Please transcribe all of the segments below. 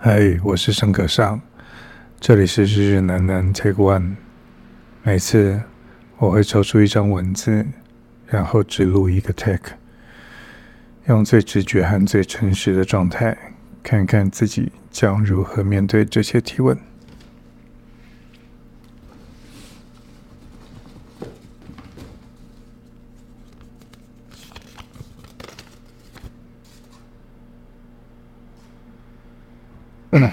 嗨，Hey，我是盛可尚，這裡是日日難難 Take One。每次我會抽出一張文字，然後只錄一個 Take，用最直覺和最誠實的狀態，看看自己將如何面對這些提問。嗯，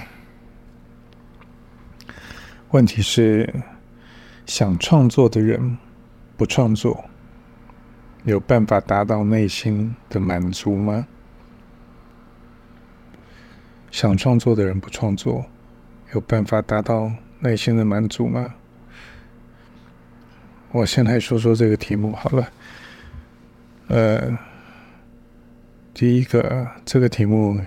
問題是：想創作的人不創作，有辦法達到內心的滿足嗎？想創作的人不創作，有辦法達到內心的滿足嗎？我先來說說這個題目好了。呃，第一個這個題目。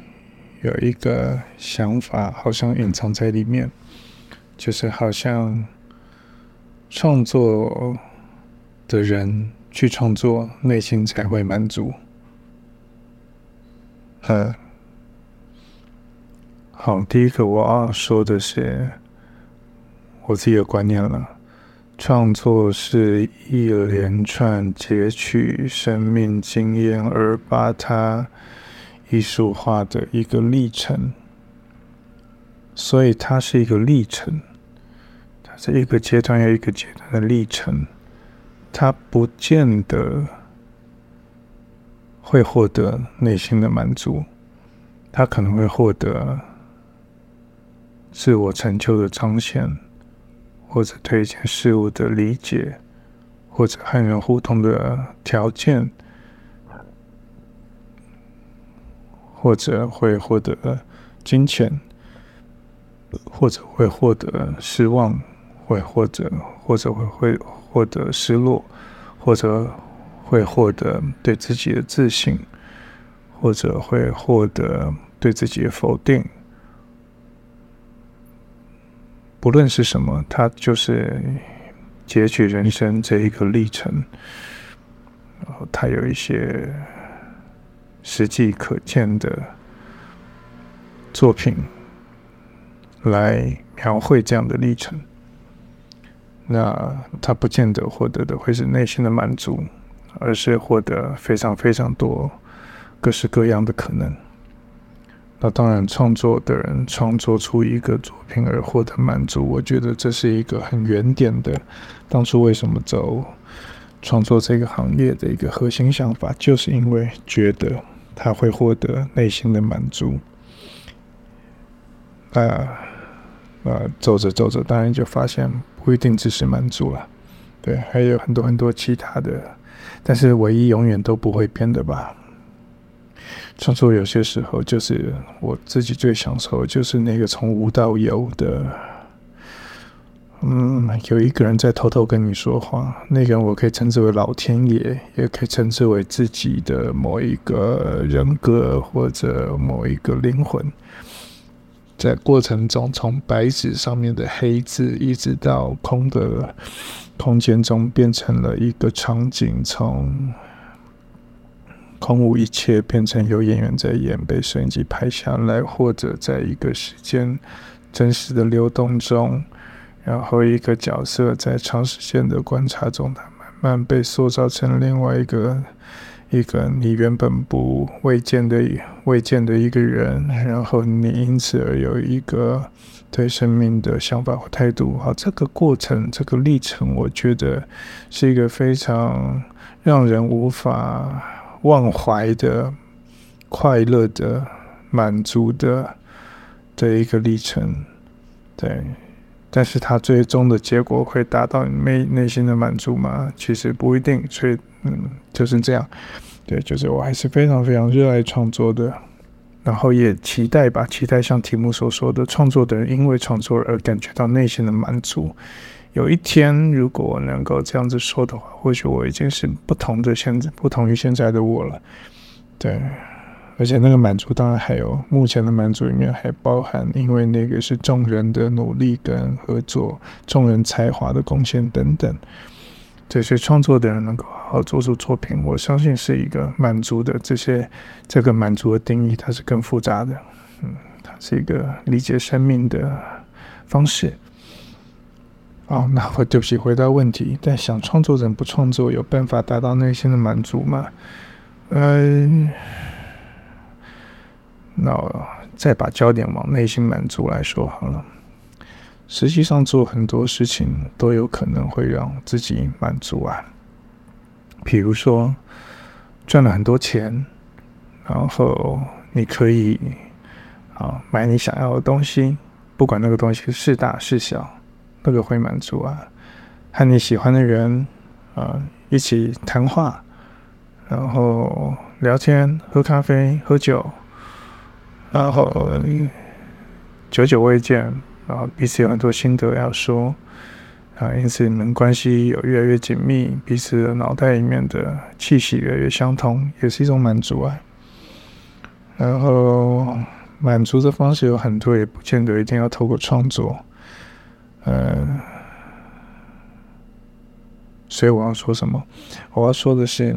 有一個想法，好像隱藏在裡面，就是好像創作的人去創作，內心才會滿足。嗯，好，第一個我要說的是我自己的觀念了，創作是一連串截取生命經驗，而把它。藝術化的一個歷程，所以它是一個歷程，它是一個階段又一個階段的歷程，它不見得會獲得內心的滿足，它可能會獲得自我成就的彰顯，或者對一件事物的理解，或者和人互動的條件。或者會獲得金錢，或者會獲得失望，會或者或者會會獲得失落，或者會獲得對自己的自信，或者會獲得對自己的否定。不論是什麼，它就是截取人生這一個歷程，然後它有一些，實際可見的作品來描繪這樣的歷程，那他不見得獲得的會是內心的滿足，而是獲得非常非常多各式各樣的可能。那當然，創作的人創作出一個作品而獲得滿足，我覺得這是一個很原點的，當初為什麼走創作這個行業的一個核心想法，就是因為覺得。他會獲得內心的滿足，啊啊，走着走着，當然就發現不一定只是滿足了，對，還有很多很多其他的，但是唯一永遠都不會變的吧。創作有些時候就是我自己最享受，就是那個從無到有的。嗯，有一個人在偷偷跟你說話。那個人，我可以稱之為老天爺，也可以稱之為自己的某一個人格或者某一個靈魂。在過程中，從白紙上面的黑字，一直到空的空間中，變成了一個場景，從空無一切變成有演員在演，被攝影機拍下來，或者在一個時間真實的流動中。然後，一個角色在長時間的觀察中，他慢慢被塑造成另外一個一個你原本不未見的未見的一個人。然後，你因此而有一個對生命的想法和態度。好，這個過程，這個歷程，我覺得是一個非常讓人無法忘懷的、快樂的、滿足的的一個歷程。對。但是他最終的結果會達到你內內心的滿足嗎？其實不一定，所以嗯，就是這樣，對，就是我還是非常非常熱愛創作的，然後也期待吧，期待像題目所說的，創作的人因為創作而感覺到內心的滿足。有一天，如果我能夠這樣子說的話，或許我已經是不同的現在，不同於現在的我了，對。而且那個滿足，當然還有目前的滿足裡面還包含，因為那個是眾人的努力跟合作，眾人才華的貢獻等等。這些創作的人能夠好好做出作品，我相信是一個滿足的。這些這個滿足的定義，它是更複雜的。嗯，它是一個理解生命的方式。好、哦，那我就是回答問題，但想創作人不創作，有辦法達到內心的滿足嗎？嗯、呃。那再把焦點往內心滿足來說好了。實際上，做很多事情都有可能會讓自己滿足啊。比如說，賺了很多錢，然後你可以啊買你想要的東西，不管那個東西是大是小，那個會滿足啊。和你喜歡的人啊一起談話，然後聊天、喝咖啡、喝酒。然後，久久未見，然後彼此有很多心得要說，啊，因此你們關係有越來越緊密，彼此的腦袋裡面的氣息越來越相通，也是一種滿足啊。然後，滿足的方式有很多，也不見得一定要透過創作，嗯，所以我要說什麼？我要說的是。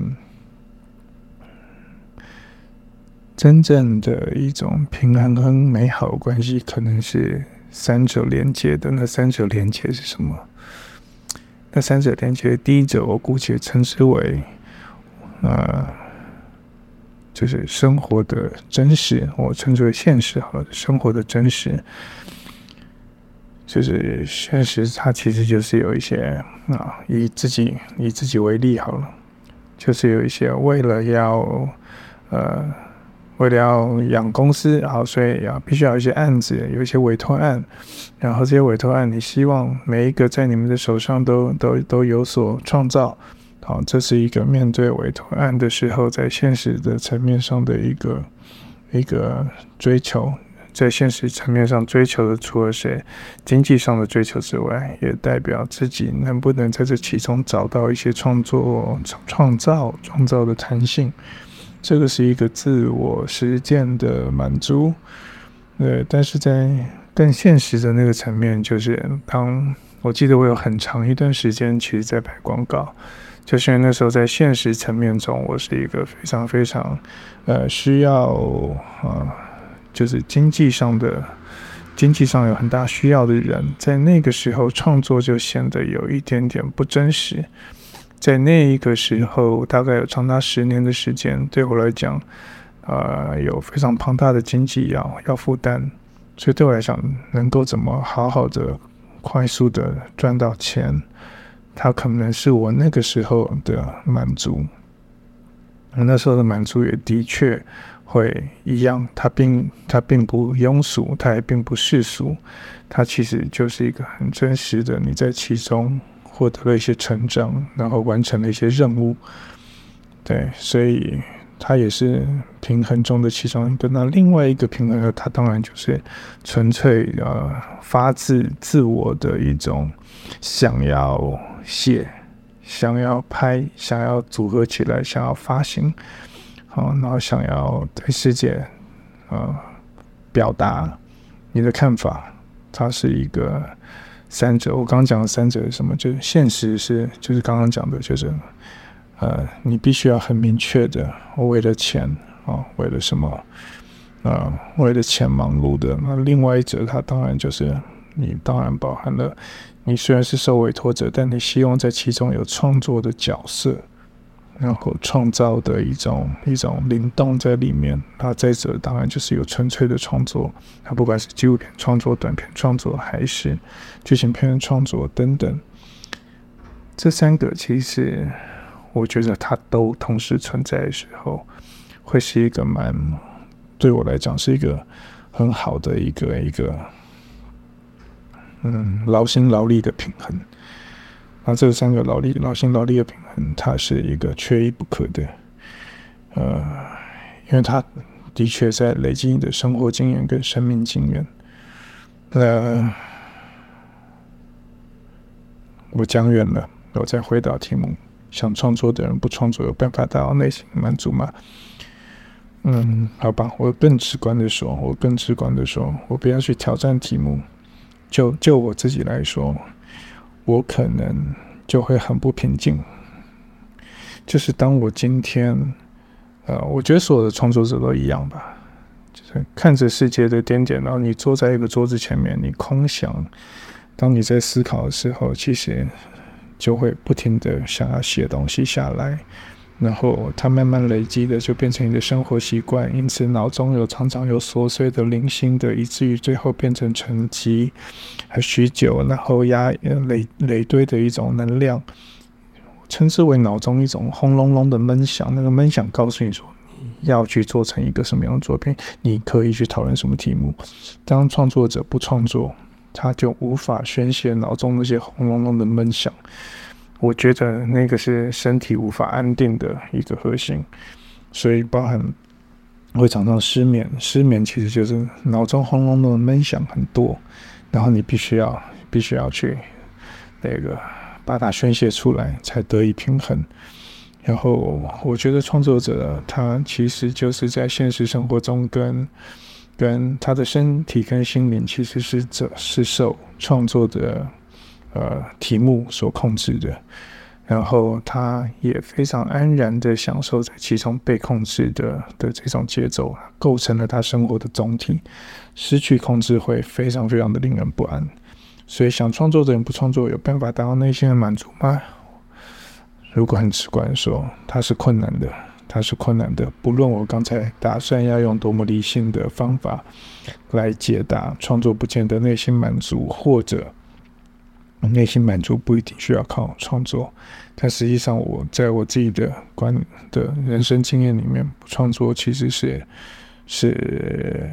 真正的一種平衡跟美好關係，可能是三者連接的。那三者連接是什麼？那三者連接，第一者我姑且稱之為，呃，就是生活的真實，我稱之為現實好了。生活的真實，就是現實，它其實就是有一些啊、呃，以自己以自己為例好了，就是有一些為了要呃。為了要養公司，好，所以要必須要一些案子，有一些委託案，然後這些委託案，你希望每一個在你們的手上都都都有所創造，好，這是一個面對委託案的時候，在現實的層面上的一個一個追求，在現實層面上追求的，除了是經濟上的追求之外，也代表自己能不能在這其中找到一些創作創創造創造的彈性。這個是一個自我實踐的滿足，對，但是在更現實的那個層面，就是當我記得我有很長一段時間，其實在拍廣告，就是那時候在現實層面中，我是一個非常非常呃需要啊，就是經濟上的經濟上有很大需要的人，在那個時候創作就顯得有一點點不真實。在那一個時候，大概有長達十年的時間，對我來講，啊、呃，有非常龐大的經濟要要負擔，所以對我來講，能夠怎麼好好的、快速的賺到錢，它可能是我那個時候的滿足。那時候的滿足也的確會一樣，它並它並不庸俗，它也並不世俗，它其實就是一個很真實的，你在其中，獲得了一些成長，然後完成了一些任務，對，所以他也是平衡中的其中一個。那另外一個平衡呢？他當然就是純粹呃發自自我的一種想要寫、想要拍、想要組合起來、想要發行，好，然後想要對世界啊、呃、表達你的看法。它是一個。三者，我剛講的三者是什麼？就是現實是，就是剛剛講的，就是，呃，你必須要很明確的，我為了錢啊、哦，為了什麼？啊、呃，為了錢忙碌的。那另外一者，它當然就是，你當然包含了，你雖然是受委託者，但你希望在其中有創作的角色。然後創造的一種一種靈動在裡面，那再者當然就是有純粹的創作，它不管是紀錄片創作、短片創作，還是劇情片創作等等，這三個其實我覺得它都同時存在的時候，會是一個蠻對我來講是一個很好的一個一個，嗯，勞心勞力的平衡，啊，這三個勞力勞心勞力的平衡。嗯，它是一個缺一不可的，呃，因為他的確在累積你的生活經驗跟生命經驗。那、呃、我講遠了，我再回到題目：想創作的人不創作，有辦法達到內心滿足嗎？嗯，好吧，我更直觀的說，我更直觀的說，我不要去挑戰題目。就就我自己來說，我可能就會很不平靜。就是當我今天，呃，我覺得所有的創作者都一樣吧。就是看着世界的點點，然後你坐在一個桌子前面，你空想。當你在思考的時候，其實就會不停地想要寫東西下來，然後它慢慢累積的就變成你的生活習慣。因此，腦中有常常有瑣碎的、零星的，以至於最後變成沉積還許久，然後壓呃累累堆的一種能量。稱之為腦中一種轟隆隆的悶響，那個悶響告訴你說，你要去做成一個什麼樣的作品，你可以去討論什麼題目。當創作者不創作，他就無法宣洩腦中那些轟隆隆的悶響。我覺得那個是身體無法安定的一個核心，所以包含我常常失眠。失眠其實就是腦中轟隆隆的悶響很多，然後你必須要必須要去那個。把它宣泄出來，才得以平衡。然後，我覺得創作者他其實就是在現實生活中跟跟他的身體跟心靈其實是這是受創作的呃題目所控制的。然後，他也非常安然的享受在其中被控制的的這種節奏，構成了他生活的總體。失去控制會非常非常的令人不安。所以，想創作的人不創作，有辦法達到內心的滿足嗎？如果很直觀說，它是困難的，它是困難的。不論我剛才打算要用多麼理性的方法來解答創作不見得內心滿足，或者內心滿足不一定需要靠創作。但實際上，我在我自己的觀的人生經驗裡面，不創作其實是是。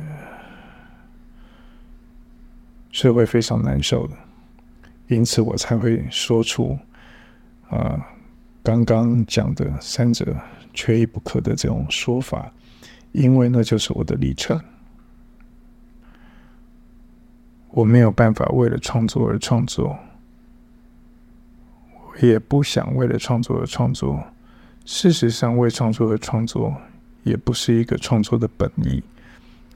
是會非常難受的，因此我才會說出啊、呃、剛剛講的三者缺一不可的這種說法，因為那就是我的歷程。我沒有辦法為了創作而創作，我也不想為了創作而創作。事實上，為創作而創作也不是一個創作的本意。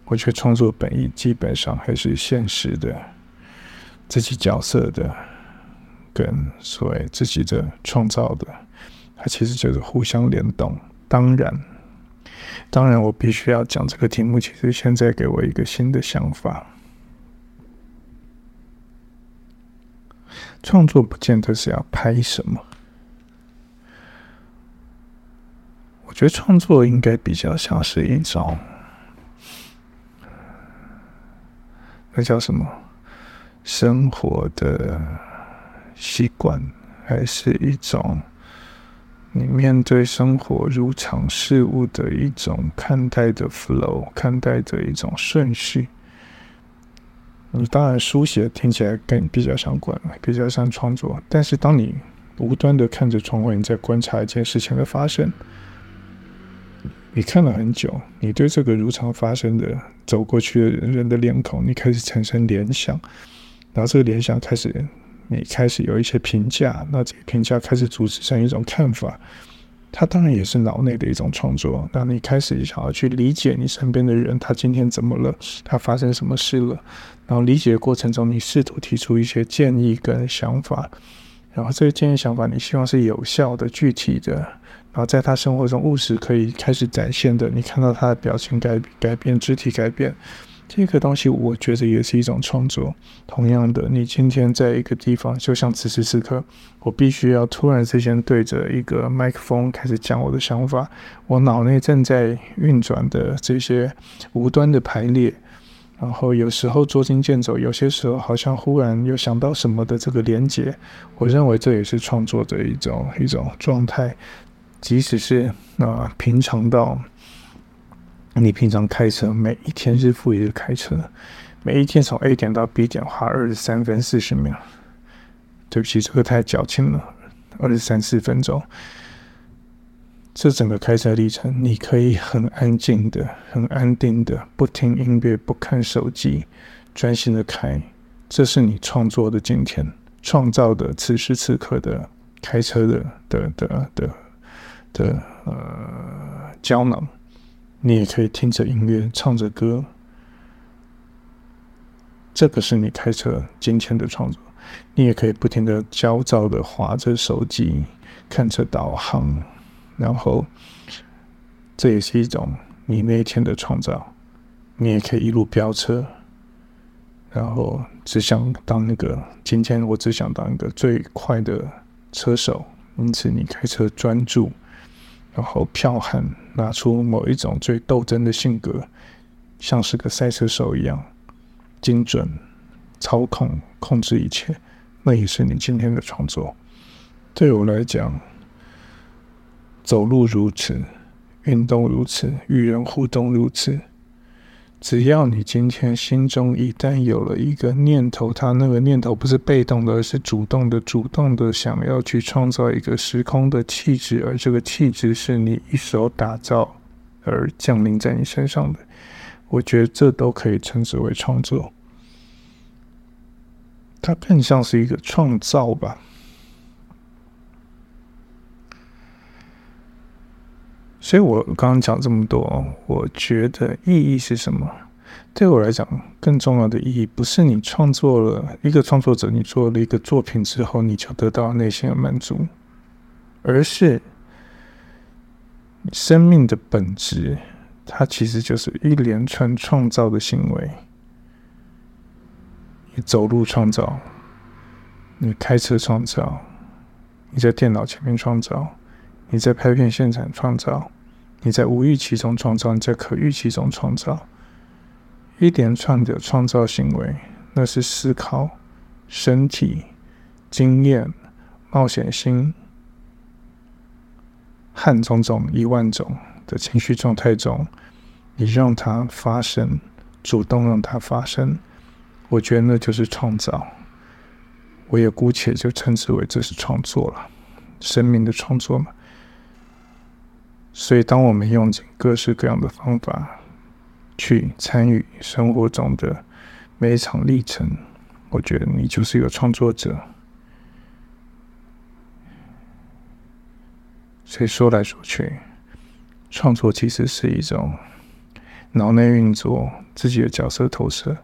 我覺得創作本意基本上還是現實的，自己角色的，跟所謂自己的創造的，它其實就是互相聯動。當然，當然，我必須要講這個題目，其實現在給我一個新的想法：創作不見得是要拍什麼。我覺得創作應該比較像是一種。那叫什麼？生活的習慣，還是一種你面對生活如常事物的一種看待的 flow，看待的一種順序。你當然書寫聽起來更比較相關，比較像創作。但是當你無端的看着窗外，你在觀察一件事情的發生。你看了很久，你對這個如常發生的走過去的人人的臉孔，你開始產生聯想，然後這個聯想開始，你開始有一些評價，那這個評價開始組織成一種看法，它當然也是腦內的一種創作。那你開始想要去理解你身邊的人，他今天怎麼了，他發生什麼事了，然後理解的過程中，你試圖提出一些建議跟想法，然後這些建議想法你希望是有效的、具體的。然後在他生活中，務實可以開始展現的，你看到他的表情改改變，肢體改變，這個東西我覺得也是一種創作。同樣的，你今天在一個地方，就像此時此刻，我必須要突然之間對着一個麥克風開始講我的想法，我腦內正在運轉的這些無端的排列，然後有時候捉襟見肘，有些時候好像忽然又想到什麼的這個連接，我認為這也是創作的一種一種狀態。即使是啊，平常到你平常開車，每一天日復一日的開車，每一天從 A 點到 B 點花二十三分四十秒，對不起，這個太矯情了，二十三四分鐘，這整個開車歷程，你可以很安靜的、很安定的，不聽音樂、不看手機，專心的開，這是你創作的今天，創造的此時此刻的開車的的的的。的的的呃，膠囊，你也可以聽着音樂唱着歌，這個是你開車今天的創作。你也可以不停的焦躁的劃着手機，看着導航，然後這也是一種你那一天的創造。你也可以一路飆車，然後只想當那個今天我只想當一個最快的車手，因此你開車專注。然後剽悍，拿出某一種最鬥爭的性格，像是個賽車手一樣，精準操控控制一切，那也是你今天的創作。對我來講，走路如此，運動如此，與人互動如此。只要你今天心中一旦有了一個念頭，他那個念頭不是被動的，而是主動的，主動的想要去創造一個時空的氣質，而這個氣質是你一手打造而降臨在你身上的，我覺得這都可以稱之為創作。它更像是一個創造吧。所以我剛剛講這麼多，我覺得意義是什麼？對我來講，更重要的意義不是你創作了一個創作者，你做了一個作品之後，你就得到內心的滿足，而是你生命的本質，它其實就是一連串創造的行為。你走路創造，你開車創造，你在電腦前面創造。你在拍片現場創造，你在無預期中創造，你在可預期中創造一連串的創造行為，那是思考、身體、經驗、冒險心、和種種一萬種的情緒狀態中，你讓它發生，主動讓它發生，我覺得那就是創造，我也姑且就稱之為這是創作了，生命的創作嘛。所以，當我們用盡各式各樣的方法去參與生活中的每一場歷程，我覺得你就是一個創作者。所以說來說去，創作其實是一種腦內運作、自己的角色投射、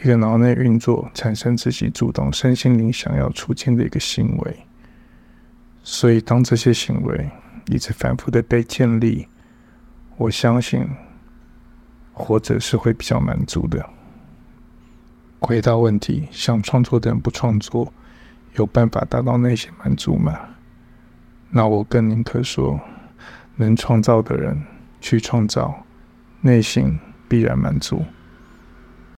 一個腦內運作產生自己主動、身心靈想要出現的一個行為。所以，當這些行為。一直反覆的被建立，我相信活着是會比較滿足的。回答問題，想創作的人不創作，有辦法達到內心滿足嗎？那我更寧可說，能創造的人去創造，內心必然滿足。